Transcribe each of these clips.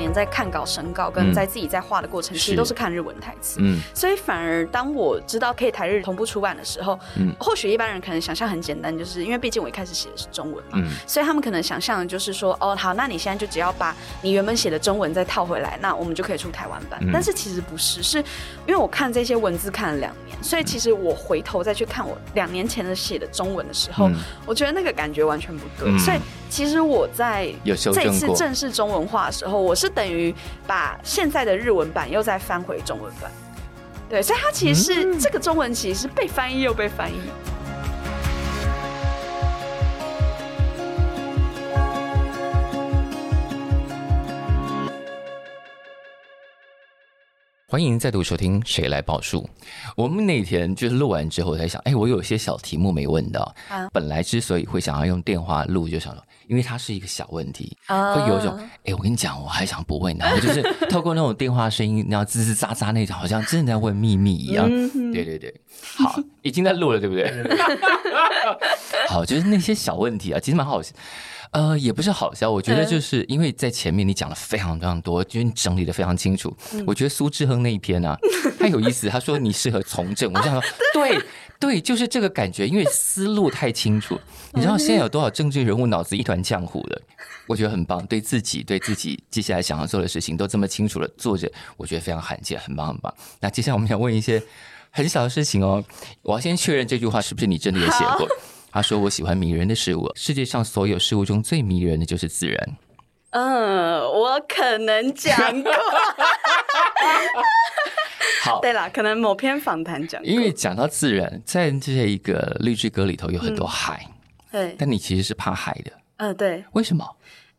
連在看稿、審稿，跟在自己在畫的過程其實都是看日文台詞、嗯。嗯，所以反而當我知道可以台日同步出版的時候，嗯，或許一般人可能想象很簡單，就是因為畢竟我一開始寫的是中文嘛、嗯，所以他們可能想象的就是說，哦，好，那你現在就只要把你原本寫的中文再套回來，那我們就可以出台灣版、嗯。但是其實不是，是因為我看這些文字看了兩年，所以其實我回頭再去看我兩年前的寫的中文的時候、嗯，我覺得那個感覺完全不對，嗯、所以。其實我在這一次正式中文化的時候，我是等於把現在的日文版又再翻回中文版，對，所以它其實是、嗯、這個中文其實是被翻譯又被翻譯、嗯。歡迎再度收聽《誰來報樹》。我們那天就是錄完之後我在想，哎、欸，我有些小題目沒問到。啊，本來之所以會想要用電話錄，就想說。因為它是一個小問題，oh. 會有一種哎、欸，我跟你講，我還想不問呢， 就是透過那種電話聲音，然後吱吱喳喳那種，好像真的在問秘密一樣。 對對對，好，已經在錄了，對不對？ 好，就是那些小問題啊，其實蠻好。呃，也不是好笑，我覺得就是因為在前面你講了非常非常多，就、嗯、你整理得非常清楚、嗯。我覺得蘇致亨那一篇呢、啊，他有意思，他說你適合從政， 我想說，對對，就是這個感覺，因為思路太清楚。你知道現在有多少政治人物腦子一團漿糊的？我覺得很棒，對自己對自己接下來想要做的事情都這麼清楚了，作者我覺得非常罕見，很棒很棒。那接下來我們想問一些很小的事情哦，我要先確認這句話是不是你真的也寫過？他說：“我喜歡迷人的事物，世界上所有事物中最迷人的就是自然。”嗯，我可能講過。 好，對啦，可能某篇訪談講過。因為講到自然，在這一個綠之歌裡頭有很多海，嗯，對。但你其實是怕海的，嗯，對。為什麼？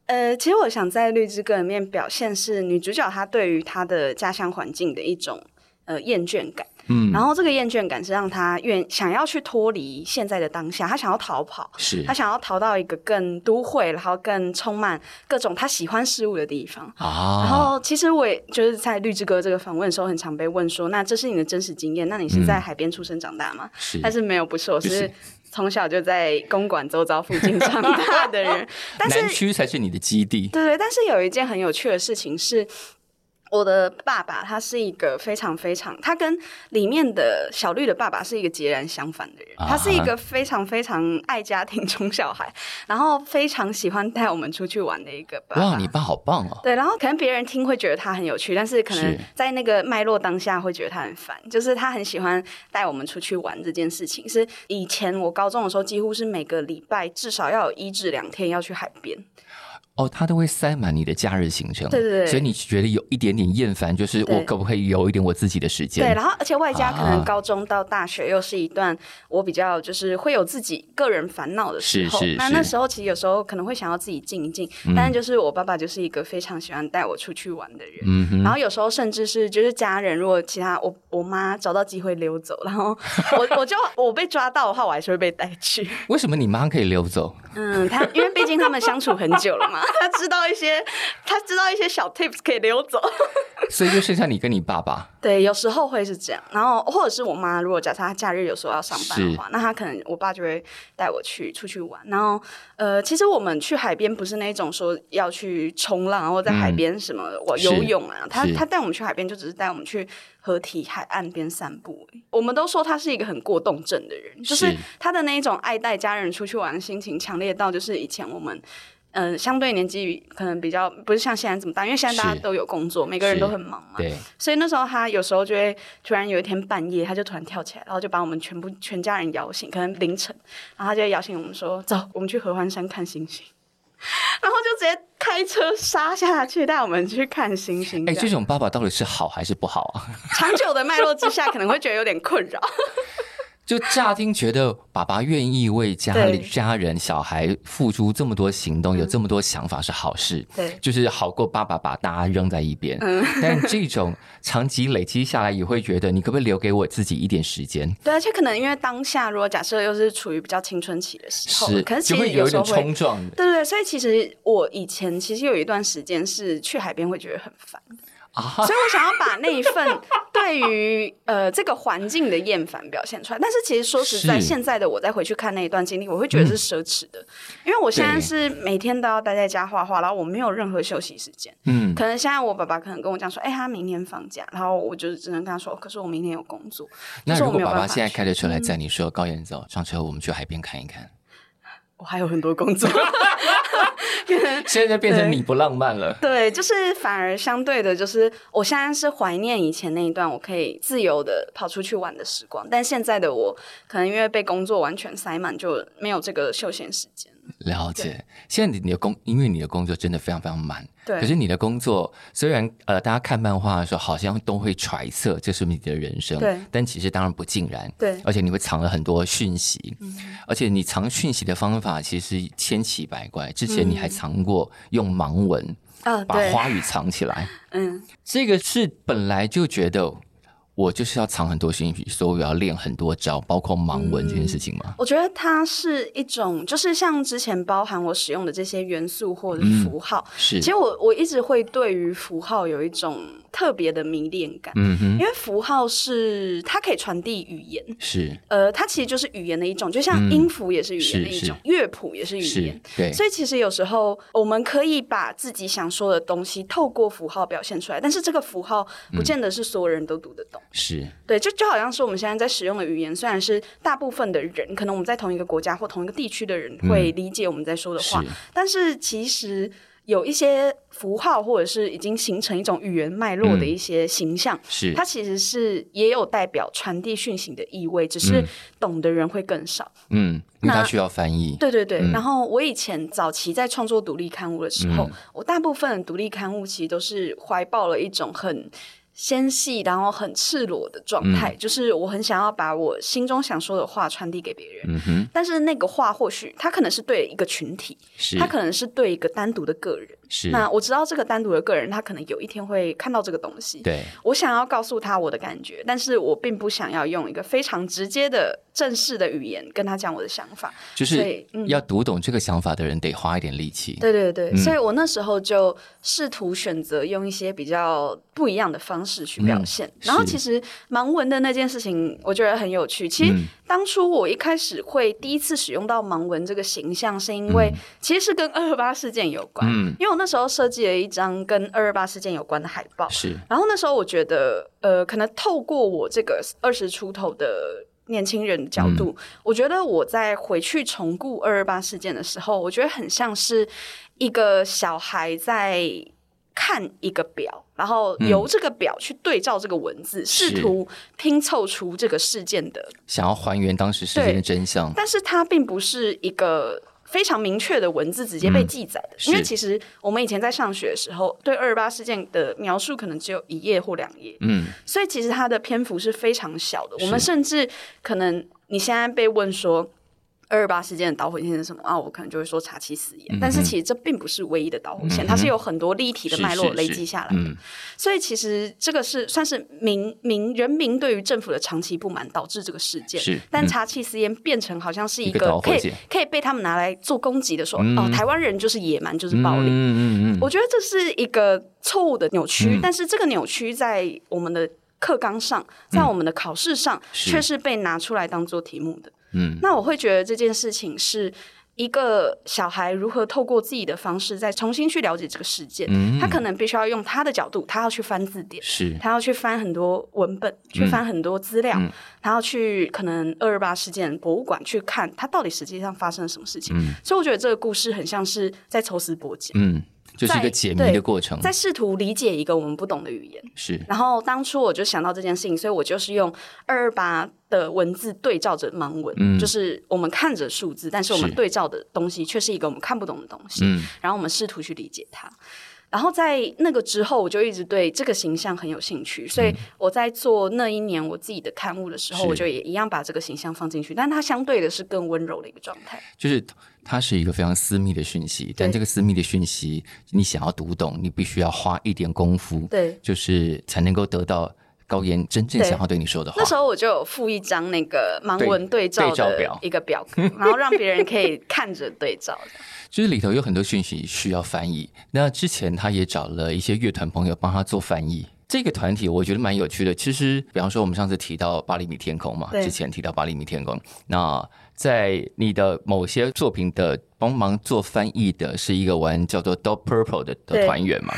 呃，其實我想在綠之歌裡面表現是女主角她對於她的家鄉環境的一種呃厭倦感。嗯，然後這個厭倦感是讓他願想要去脫離現在的當下，他想要逃跑，是，他想要逃到一個更都會，然後更充滿各種他喜歡事物的地方。啊、哦，然後其實我也就是在綠之歌這個訪問的時候，很常被問說，那這是你的真實經驗？那你是在海邊出生長大嗎？嗯、是，但是沒有，不是，我是從小就在公館周遭附近長大的人， 哦、但是南區才是你的基地。對對，但是有一件很有趣的事情是，我的爸爸他是一個非常非常，他跟裡面的小綠的爸爸是一個截然相反的人。他是一個非常非常愛家庭寵小孩，然後非常喜歡帶我們出去玩的一個爸爸。哇，你爸好棒哦！對，然後可能別人聽會覺得他很有趣，但是可能在那個脈絡當下會覺得他很煩。就是他很喜歡帶我們出去玩這件事情，是以前我高中的時候，幾乎是每個禮拜至少要有一至兩天要去海邊。哦，他都會塞滿你的假日行程，對對，對，所以你覺得有一點點厭煩，就是我可不可以有一點我自己的時間？對，對，然後，而且外加可能高中到大學又是一段我比較就是會有自己個人煩惱的時候，啊、是是是那那時候其實有時候可能會想要自己靜一靜、嗯，但是就是我爸爸就是一個非常喜歡帶我出去玩的人，嗯哼，然後有時候甚至是就是家人，如果其他我我媽找到機會溜走，然後我我就 我被抓到的話，我還是會被帶去。為什麼你媽可以溜走？嗯，她因為畢竟他們相處很久了嘛。 他知道一些，他知道一些小 tips 可以溜走， 所以就剩下你跟你爸爸。對，有時候會是這樣。然後或者是我媽，如果假設她假日有時候要上班的話，那她可能我爸就會帶我去出去玩。然後呃，其實我們去海邊不是那種說要去沖浪，然後在海邊什麼我、嗯、游泳啊。他他帶我們去海邊，就只是帶我們去河堤海岸邊散步，欸。我們都說他是一個很過動症的人，就是他的那一種愛帶家人出去玩的心情強烈到，就是以前我們。嗯、呃，相對年紀可能比較不是像現在這麼大，因為現在大家都有工作，每個人都很忙嘛。對。所以那時候他有時候就會突然有一天半夜，他就突然跳起來，然後就把我們全部全家人搖醒，可能凌晨，然後他就會搖醒我們說：“走，我們去合歡山看星星。”然後就直接開車殺下去帶我們去看星星這樣。哎，這種爸爸到底是好還是不好啊？ 長久的脈絡之下，可能會覺得有點困擾。 就乍聽覺得爸爸願意為家裡家人小孩付出這麼多行動，有這麼多想法是好事，對，就是好過爸爸把大家扔在一邊、嗯。但這種長期累積下來，也會覺得你可不可以留給我自己一點時間？對，而且可能因為當下如果假設又是處於比較青春期的時候，是可能其實有時候會，衝撞。對對，所以其實我以前其實有一段時間是去海邊會覺得很煩。 所以，我想要把那一份對於 呃這個環境的厭煩表現出來。但是，其實說實在，現在的我再回去看那一段經歷，我會覺得是奢侈的、嗯，因為我現在是每天都要待在家畫畫，然後我沒有任何休息時間。嗯，可能現在我爸爸可能跟我講說，哎，他明天放假，然後我就只能跟他說，可是我明天有工作。但是我沒有辦法去。那如果爸爸現在開着車來載你說，說、嗯、高妍走，上車，我們去海邊看一看。我還有很多工作。 現在變成你不浪漫了，對。對，就是反而相對的，就是我現在是懷念以前那一段，我可以自由的跑出去玩的時光。但現在的我，可能因為被工作完全塞滿，就沒有這個休閒時間。了解，現在你的工，因為你的工作真的非常非常滿。可是你的工作雖然，呃，大家看漫畫的時候好像都會揣測，就是你的人生，對。但其實當然不盡然，對。而且你會藏了很多訊息，嗯、而且你藏訊息的方法其實是千奇百怪，之前你還藏過用盲文，把花語藏起來。嗯、哦，嗯。這個是本來就覺得。我就是要藏很多心，所以我要練很多招，包括盲文這件事情嘛、嗯。我覺得它是一種，就是像之前包含我使用的這些元素或者符號。嗯、是，其實我我一直會對於符號有一種特別的迷戀感。嗯哼，因為符號是它可以傳遞語言。是，呃，它其實就是語言的一種，就像音符也是語言的一種，嗯、是是樂譜也是語言是。對，所以其實有時候我們可以把自己想說的東西透過符號表現出來，但是這個符號不見得是所有人都讀得懂。是對，就就好像說，我們現在在使用的語言，雖然是大部分的人，可能我們在同一個國家或同一個地區的人會理解我們在說的話，嗯、是，但是其實有一些符號或者是已經形成一種語言脈絡的一些形象，嗯、是，它其實是也有代表傳遞訊息的意味，只是懂的人會更少。嗯，那因為它需要翻譯。對對對、嗯。然後我以前早期在創作獨立刊物的時候，嗯、我大部分的獨立刊物其實都是懷抱了一種很。纖細，然後很赤裸的狀態，嗯，就是我很想要把我心中想說的話傳遞給別人，嗯，但是那個話或許它可能是對一個群體，它可能是對一個單獨的個人。是，那我知道這個單獨的個人，他可能有一天會看到這個東西。對，我想要告訴他我的感覺，但是我並不想要用一個非常直接的正式的語言跟他講我的想法。就是、嗯、要讀懂這個想法的人得花一點力氣。對對對、嗯，所以我那時候就試圖選擇用一些比較不一樣的方式去表現。然後其實盲文的那件事情，我覺得很有趣。其實當初我一開始會第一次使用到盲文這個形象，是因為其實是跟二二八事件有關，嗯、因為我。那時候設計了一張跟二二八事件有關的海報，是。然後那時候我覺得，呃，可能透過我這個二十出頭的年輕人的角度、嗯，我覺得我在回去重顧二二八事件的時候，我覺得很像是一個小孩在看一個表，然後由這個表去對照這個文字，嗯、試圖拼湊出這個事件的，想要還原當時事件的真相。但是它並不是一個。非常明確的文字直接被記載的，嗯，因為其實我們以前在上學的時候，對二二八事件的描述可能只有一頁或兩頁，嗯，所以其實它的篇幅是非常小的。我們甚至可能你現在被問說。二二八事件的導火線是什麼啊？我可能就會說查緝私菸、嗯。但是其實這並不是唯一的導火線，嗯、它是有很多立體的脈絡累積下來的、嗯。所以其實這個是算是民民人民對於政府的長期不滿導致這個事件，嗯、但查緝私菸變成好像是一個可以，個可，以可以被他們拿來做攻擊的時候，嗯、哦，台灣人就是野蠻，就是暴力。嗯嗯嗯，我覺得這是一個錯誤的扭曲、嗯，但是這個扭曲在我們的課綱上、嗯，在我們的考試上卻、嗯、是，是被拿出來當做題目的。嗯、那我會覺得這件事情是一個小孩如何透過自己的方式再重新去了解這個事件、嗯。他可能必須要用他的角度，他要去翻字典，是，他要去翻很多文本，嗯、去翻很多資料、嗯，他要去可能二二八事件博物館去看，他到底實際上發生了什麼事情。嗯、所以我覺得這個故事很像是在抽絲剝繭。嗯在就是一個解密的過程，在試圖理解一個我們不懂的語言。是，然後當初我就想到這件事情，所以我就是用二二八的文字對照着盲文。嗯，就是我們看着數字，但是我們對照的東西卻是一個我們看不懂的東西，然後我們試圖去理解它。然後在那個之後，我就一直對這個形象很有興趣，嗯，所以我在做那一年我自己的刊物的時候，我就也一樣把這個形象放進去，但它相對的是更溫柔的一個狀態。就是它是一個非常私密的訊息，嗯，但這個私密的訊息，你想要讀懂，你必須要花一點功夫，對，就是才能夠得到。高妍真正想要對你說的話，那時候我就有附一張那個盲文對,對,對照表，一個表格，然後讓別人可以看着對照的 就是裡頭有很多訊息需要翻譯，那之前他也找了一些樂團朋友幫他做翻譯。這個團體我覺得蠻有趣的。其實，比方說我們上次提到八厘米天空嘛，之前提到八厘米天空，那。在你的某些作品的幫忙做翻譯的是一個玩叫做 Dope Purple 的的團員嘛？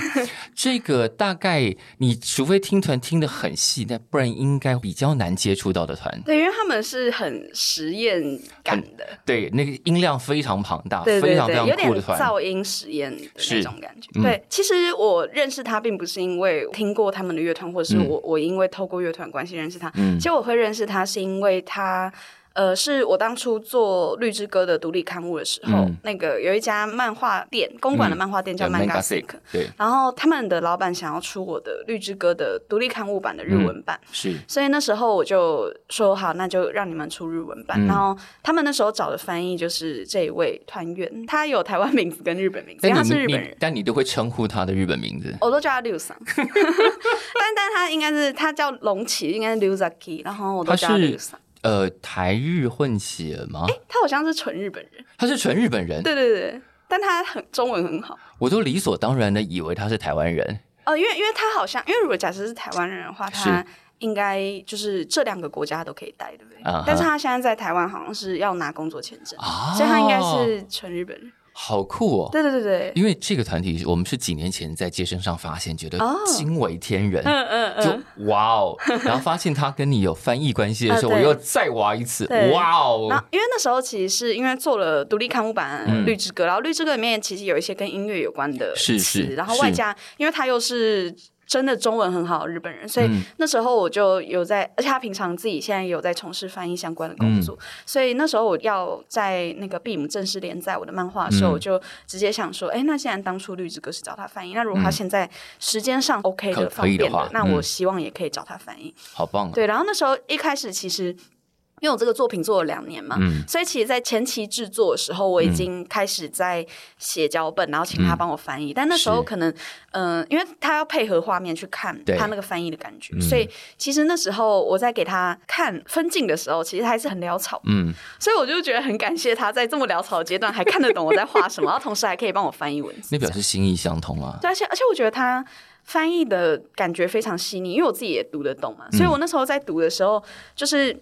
這個大概你除非聽團聽得很細，但不然應該比較難接觸到的團。對，因為他們是很實驗感的、嗯，對，那個音量非常龐大，對對對，非常非常酷的團，噪音實驗的這種感覺、嗯。對，其實我認識他並不是因為聽過他們的樂團，或者是我、嗯、我因為透過樂團關係認識他。嗯，其實我會認識他是因為他。呃，是我當初做《綠之歌》的獨立刊物的時候、嗯，那個有一家漫畫店，公館的漫畫店叫 Mangasick 對。然後他們的老板想要出我的《綠之歌》的獨立刊物版的日文版，嗯、是。所以那時候我就說好，那就讓你們出日文版、嗯。然後他們那時候找的翻譯就是這一位團員，他有台灣名字跟日本名字，他是日本人。但你都會稱呼他的日本名字，我都叫他劉桑。 但但他應該是他叫龍崎，應該是 Ryuzaki，然後我都叫劉桑。他呃，台日混血嗎？哎，欸，他好像是純日本人。他是純日本人。對對對，但他很中文很好。我都理所當然的以為他是台灣人。哦、呃，因為因為他好像，因為如果假設是台灣人的話，他應該就是這兩個國家都可以待，對不對？Uh-huh. 但是他現在在台灣好像是要拿工作簽證，Oh. 所以他應該是純日本人。好酷哦！對對對對，因為這個團體我們是幾年前在街聲上發現，覺得驚為天人，哦、嗯嗯就、嗯、哇哦，然後發現他跟你有翻譯關係的時候，嗯、我又再挖一次，嗯、哇哦！因為那時候其實是因為做了獨立刊物版《綠之歌》，嗯，然後《綠之歌》裡面其實有一些跟音樂有關的事情然後外加，因為他又是。真的中文很好，日本人。所以那時候我就有在，而且他平常自己現在有在從事翻譯相關的工作、嗯。所以那時候我要在那個 Beam 正式連載我的漫畫的時候，嗯、所以我就直接想說，誒、欸，那既然當初綠之歌是找他翻譯，那如果他現在時間上 OK 的，可可以的話、方便的，那我希望也可以找他翻譯。好棒、啊！對，然後那時候一開始其實。因為我這個作品做了兩年嘛，嗯、所以其實，在前期制作的時候，我已經開始在寫腳本、嗯，然後請他幫我翻譯。嗯、但那時候可能，嗯、呃，因為他要配合畫面去看他那個翻譯的感覺，所以其實那時候我在給他看分鏡的時候，其實還是很潦草。嗯，所以我就覺得很感謝他在這麼潦草的階段還看得懂我在畫什麼， 然後同時還可以幫我翻譯文字，那表示心意相通啊。對啊，而且而且我覺得他翻譯的感覺非常細膩，因為我自己也讀得懂嘛。所以我那時候在讀的時候，就是。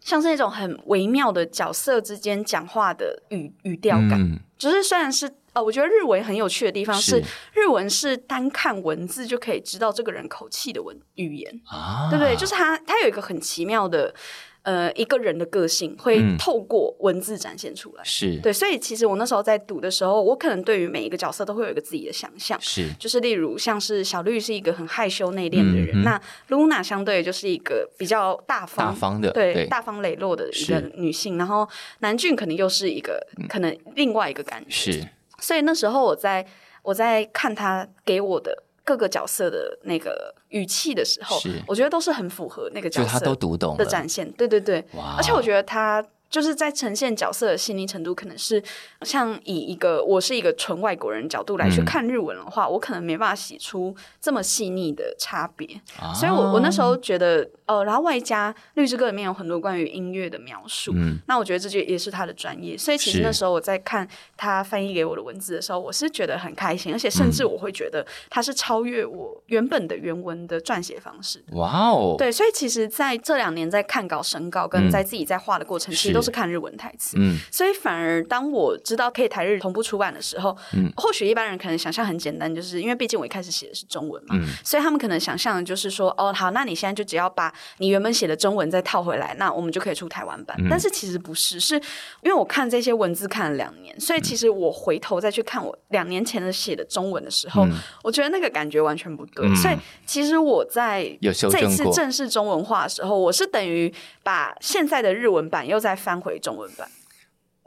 像是那種很微妙的角色之間講話的語語調感，嗯，就是雖然是呃，我覺得日文很有趣的地方是，是，日文是單看文字就可以知道這個人口氣的文語言啊，對不對？就是它它有一個很奇妙的。呃，一個人的個性會透過文字展現出來，嗯、是，對，所以其實我那時候在讀的時候，我可能對於每一個角色都會有一個自己的想象。是，就是例如像是小綠是一個很害羞內斂的人。嗯嗯，那 Luna 相對就是一個比較大方大方的。對，對，大方磊落的一個女性，然後南俊可能又是一個、嗯、可能另外一個感覺，是，所以那時候我在我在看他給我的。各個角色的那個語氣的時候，我覺得都是很符合那個角色的展現。對對對、wow，而且我覺得他就是在呈現角色的細膩程度，可能是像以一個我是一個純外國人角度來去看日文的話，嗯、我可能沒辦法寫出這麼細膩的差別。嗯、所以我我那時候覺得。呃，然後外加《綠之歌》裡面有很多關於音樂的描述，嗯、那我覺得這就也是他的專業，所以其實那時候我在看他翻譯給我的文字的時候，我是覺得很開心，而且甚至我會覺得他是超越我原本的原文的撰寫方式。哇哦，對，所以其實在這兩年在看稿、審稿跟在自己在畫的過程，嗯、其實都是看日文台詞、嗯，所以反而當我知道可以台日同步出版的時候，嗯、或許一般人可能想象很簡單，就是因為畢竟我一開始寫的是中文嘛、嗯，所以他們可能想象就是說，哦，好，那你現在就只要把你原本寫的中文再套回來，那我們就可以出台灣版。嗯。但是其實不是，是因為我看這些文字看了兩年，所以其實我回頭再去看我兩年前的寫的中文的時候，嗯，我覺得那個感覺完全不對。嗯。所以其實我在這一次正式中文化的時候，我是等於把現在的日文版又再翻回中文版。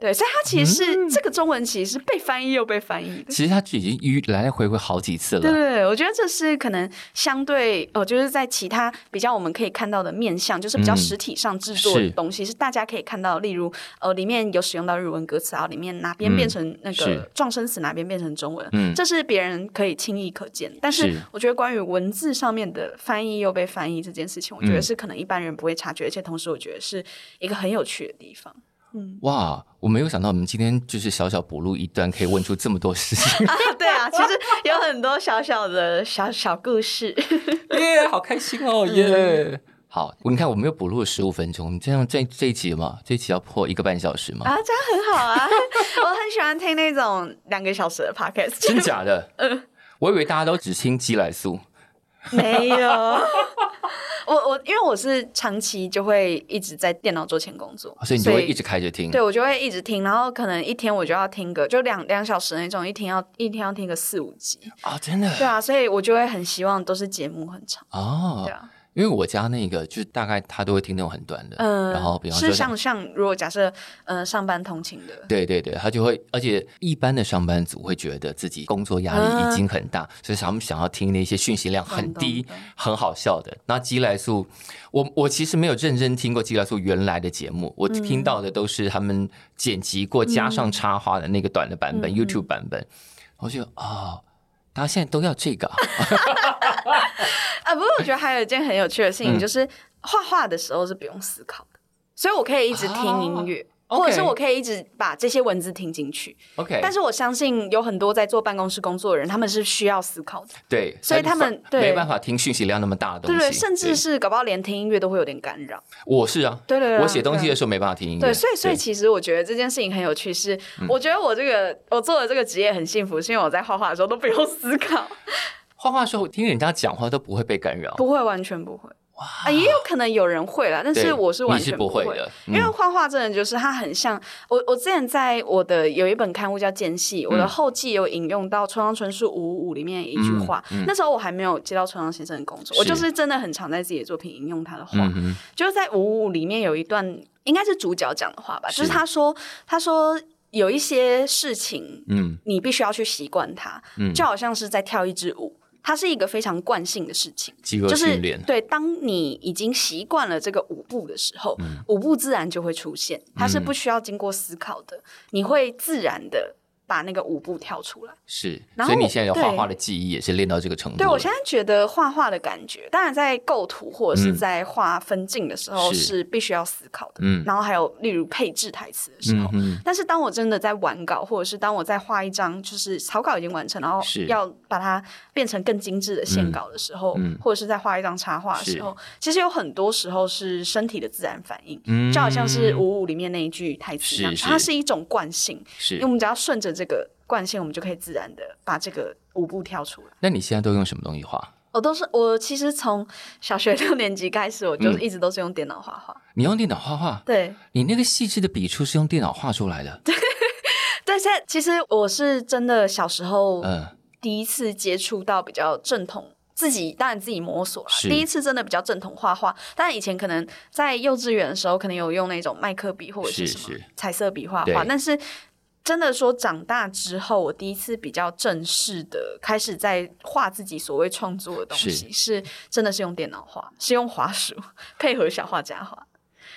對，所以它其實是、嗯、這個中文，其實是被翻譯又被翻譯的。其實它就已經來來回回好幾次了。對，對，我覺得這是可能相對呃，就是在其他比較我們可以看到的面向，就是比較實體上制作的東西，嗯、是，是大家可以看到。例如呃，裡面有使用到日文歌詞，然後裡面哪邊變成那個、嗯、狀聲詞，哪邊變成中文、嗯，這是別人可以輕易可見。但是我覺得關於文字上面的翻譯又被翻譯這件事情，我覺得是可能一般人不會察覺，而且同時我覺得是一個很有趣的地方。哇！我沒有想到，我們今天就是小小補錄一段，可以問出這麼多事情 啊。對啊，其實有很多小小的小小故事。耶、 yeah,，好開心哦！耶、yeah. 嗯，好，你看，我們又補錄了十五分鐘。我們這樣這這一集嘛，這一集要破一個半小時嘛？啊，這樣很好啊！ 我很喜歡聽那種兩個小時的 podcast。真假的？ 嗯，我以為大家都只聽雞來素。沒有。 我我因為我是長期就會一直在電腦桌前工作，哦，所以你就會一直開着聽。對，我就會一直聽，然後可能一天我就要聽個就兩兩小時那種，一天要一天要聽個四五集啊。哦，真的。對啊，所以我就會很希望都是節目很長哦。對啊。因為我家那個，就是大概他都會聽那種很短的，呃、然後比方說，是像像如果假設，呃，上班通勤的，對對對，他就會，而且一般的上班族會覺得自己工作壓力已經很大，啊，所以他們想要聽那些訊息量很低、很好笑的。那吉萊素，我我其實沒有認真聽過吉萊素原來的節目，嗯，我聽到的都是他們剪輯過加上插畫的那個短的版本，嗯，YouTube 版本，我就啊。哦他現在都要這個 啊！不過我覺得還有一件很有趣的事情、嗯，就是畫畫的時候是不用思考的，嗯、所以我可以一直聽音樂。哦 Okay. 或者是我可以一直把這些文字聽進去，OK。但是我相信有很多在做辦公室工作的人，他們是需要思考的，對，所以他們沒辦法聽訊息量那麼大的東西，對，對，甚至是搞不好連聽音樂都會有點干擾。我是啊，對對，對，對、啊、我寫東西的時候沒辦法聽音樂，對，對所以所以其實我覺得這件事情很有趣是，是我覺得我這個我做的這個職業很幸福，是因為我在畫畫的時候都不用思考，畫畫的時候聽人家講話都不會被干擾，不會，完全不會。啊、wow，也有可能有人會啦，但是我是完全不會，是不會的。因為畫畫真的就是他很像，嗯、我。我之前在我的有一本刊物叫《間隙》，嗯、我的後記有引用到村上春、春樹《舞·舞·舞》裡面一句話，嗯嗯。那時候我還沒有接到村上先生的工作，我就是真的很常在自己的作品引用他的話。嗯、就是在《舞·舞·舞》裡面有一段，應該是主角講的話吧，就是他說：“他說有一些事情，嗯，你必須要去習慣它，嗯，就好像是在跳一支舞。”它是一個非常慣性的事情，就是對。當你已經習慣了這個舞步的時候，嗯，舞步自然就會出現，它是不需要經過思考的，嗯，你會自然的，把那個舞步跳出來是然後，所以你現在畫畫的技藝也是練到這個程度。對，我現在覺得畫畫的感覺，當然在構圖或者是在畫分鏡的時候是必須要思考的。嗯，然後還有例如配置台詞的時候，嗯，嗯嗯但是當我真的在完稿，或者是當我在畫一張就是草稿已經完成，然後要把它變成更精緻的線稿的時候，嗯，嗯或者是在畫一張插畫的時候，嗯，其實有很多時候是身體的自然反應，嗯，就好像是舞步裡面那一句台詞一樣，它是一種慣性，是，因為我們只要順着。這個慣性，我們就可以自然的把這個舞步跳出來。那你現在都用什麼東西畫？我都是我其實從小學六年級開始，我就一直都是用電腦畫畫。嗯。你用電腦畫畫？對。你那個細緻的筆觸是用電腦畫出來的？對。但 現在其實我是真的小時候第一次接觸到比較正統，自己當然自己摸索了。第一次真的比較正統畫畫，但以前可能在幼稚園的時候，可能有用那種麥克筆或者是什麼是是彩色筆畫畫，但是。真的說，長大之後我第一次比較正式的開始在畫自己所謂創作的東西，是，是真的是用電腦畫，是用滑鼠配合小畫家畫，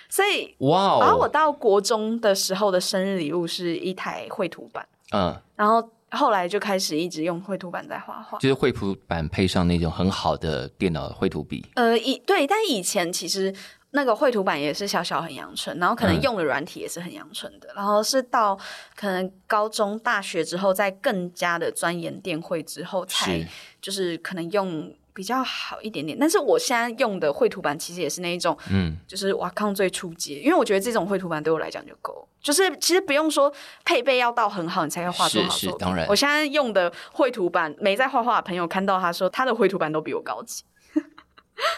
所以哇哦、wow！然後我到國中的時候的生日禮物是一台繪圖板，嗯、uh,，然後後來就開始一直用繪圖板在畫畫，就是繪圖板配上那種很好的電腦繪圖筆，呃以對，但以前其實。那個繪圖板也是小小很陽春，然後可能用的軟體也是很陽春的，嗯，然後是到可能高中大學之後再更加的鑽研電繪之後才就是可能用比較好一點點。是，但是我現在用的繪圖板其實也是那一種，嗯，就是瓦康最初階，因為我覺得這種繪圖板對我來講就夠，就是其實不用說配備要到很好你才會畫出好，是，是當然。我現在用的繪圖板，沒在畫畫的朋友看到他說他的繪圖板都比我高級。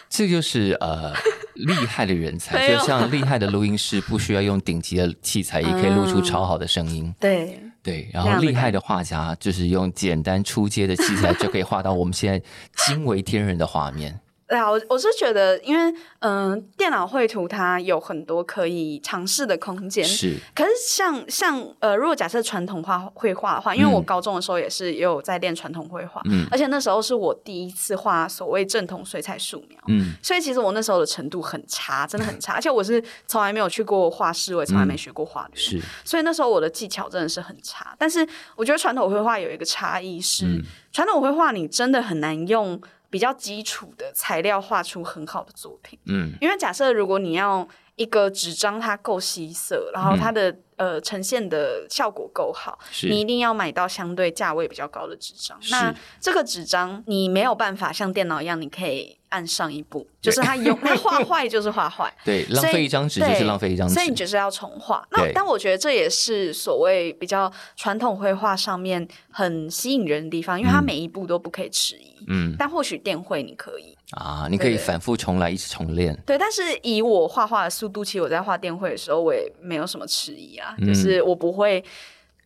這就是呃厲害的人才，就像厲害的錄音師，不需要用頂級的器材，也可以錄出超好的聲音。對、嗯、對，然後厲害的畫家，就是用簡單初階的器材，就可以畫到我們現在驚為天人的畫面。嗯對啊，我我是覺得，因為嗯、呃，電腦繪圖它有很多可以嘗試的空間。是，可是像像呃，如果假設傳統畫繪畫的話，因為我高中的時候也是也有在練傳統繪畫，嗯，而且那時候是我第一次畫所謂正統水彩素描，嗯，所以其實我那時候的程度很差，真的很差，嗯、而且我是從來沒有去過畫室，我也從來沒學過畫理、嗯，所以那時候我的技巧真的是很差。但是我覺得傳統繪畫有一個差異是，嗯、傳統繪畫你真的很難用。比較基礎的材料畫出很好的作品，嗯，因為假設如果你要一個紙張它夠吸色，然後它的，嗯。呃，呈現的效果夠好，是，你一定要買到相對價位比較高的紙張。那這個紙張你沒有辦法像電腦一樣，你可以按上一步，就是它有 它畫壞就是畫壞，對，浪費一張紙就是浪費一張紙，所以你就是要重畫。那但我覺得這也是所謂比較傳統繪畫上面很吸引人的地方，因為它每一步都不可以遲疑。嗯，但或許電繪你可以啊，你可以反覆重來，一直重練。對，但是以我畫畫的速度，其實我在畫電繪的時候，我也沒有什麼遲疑啊。嗯、就是我不會，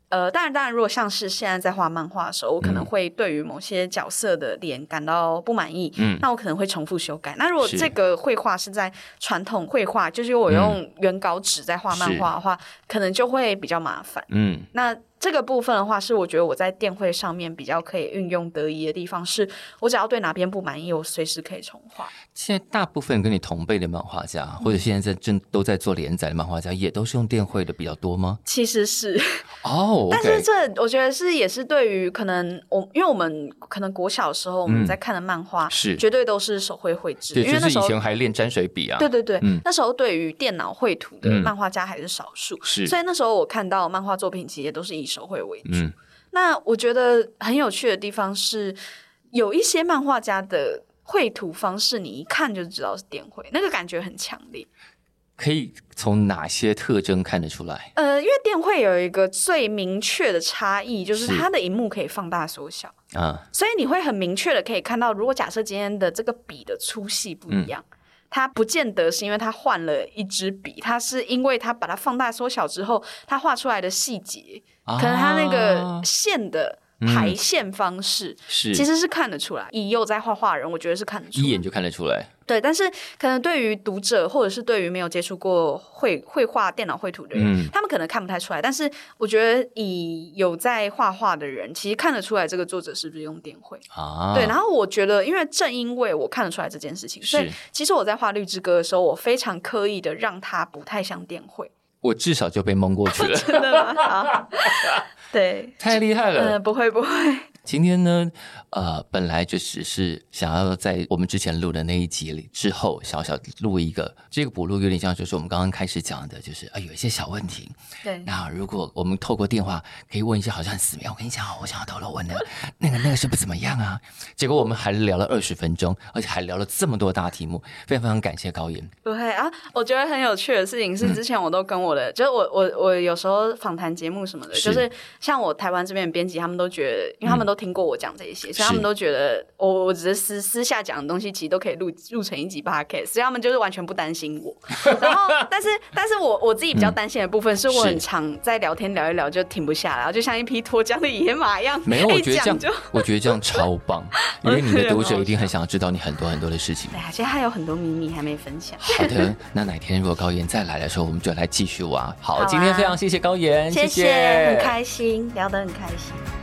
呃，當然，當然，如果像是現在在畫漫畫的時候，我可能會對於某些角色的臉感到不滿意，嗯、那我可能會重複修改、嗯。那如果這個繪畫是在傳統繪畫，就是我用原稿紙在畫漫畫的話，嗯、可能就會比較麻煩，嗯，那。這個部分的話，是我覺得我在電繪上面比較可以運用得宜的地方，是我只要對哪邊不滿意，我隨時可以重畫。現在大部分跟你同輩的漫畫家，嗯、或者現在在正都在做連載的漫畫家，也都是用電繪的比較多嗎？其實是哦、okay，但是這我覺得是也是對於可能我因為我們可能國小的時候我們在看的漫畫是絕對都是手繪繪製，因為那時候還練沾水筆啊，對，對對對、嗯，那時候對於電腦繪圖的漫畫家還是少數，是、嗯、所以那時候我看到漫畫作品，其實都是以。手繪為主、嗯，那我覺得很有趣的地方是，有一些漫畫家的繪圖方式，你一看就知道是電繪，那個感覺很強烈。可以從哪些特徵看得出來？呃，因為電繪有一個最明確的差異，就是它的熒幕可以放大縮小啊，所以你會很明確的可以看到，如果假設今天的這個筆的粗細不一樣。嗯他不見得是因為他換了一支筆，他是因為他把它放大縮小之後，他畫出來的細節，啊、可能他那個線的，排線方式、嗯、是，其實是看得出來。以有在畫畫人，我覺得是看得出來，一眼就看得出來。對，但是可能對於讀者，或者是對於沒有接觸過繪繪畫、電腦繪圖的人、嗯，他們可能看不太出來。但是我覺得以有在畫畫的人，其實看得出來這個作者是不是用電繪啊？對。然後我覺得，因為正因為我看得出來這件事情，所以其實我在畫《綠之歌》的時候，我非常刻意的讓它不太像電繪。我至少就被蒙過去了， 真的嗎？ 對，太厲害了。嗯，不會不會。今天呢，呃，本來就只是想要在我們之前錄的那一集裡之後，小小錄一個，這個補錄有點像，就是我們剛剛開始講的，就是啊、哎，有一些小問題。對。那如果我們透過電話可以問一些好像很私密，我跟你講我想要討論問的， 那個那個是不怎麼樣啊？結果我們還聊了二十分鐘，而且還聊了這麼多大題目，非常非常感謝高妍。對，啊，我覺得很有趣的事情是，之前我都跟我的，嗯、就是我我我有時候訪談節目什麼的，是就是像我台灣這邊的編輯，他們都覺得，嗯、因為他們都。都聽過我講這些，所以他們都覺得我、哦、我只是私私下講的東西，其實都可以錄錄成一集 podcast。所以他們就是完全不擔心我。然後，但是，但是我我自己比較擔心的部分、嗯是，是我很常在聊天聊一聊就停不下來，然後就像一匹脫韁的野馬一樣。沒有，我覺得這樣 我覺得這樣超棒，因為你的讀者一定很想要知道你很多很多的事情。哎呀，其實還有很多秘密還沒分享。好的，那哪天如果高妍再來的時候，我們就來繼續玩。好，好、啊，今天非常謝謝高妍謝謝，謝謝，很開心，聊得很開心。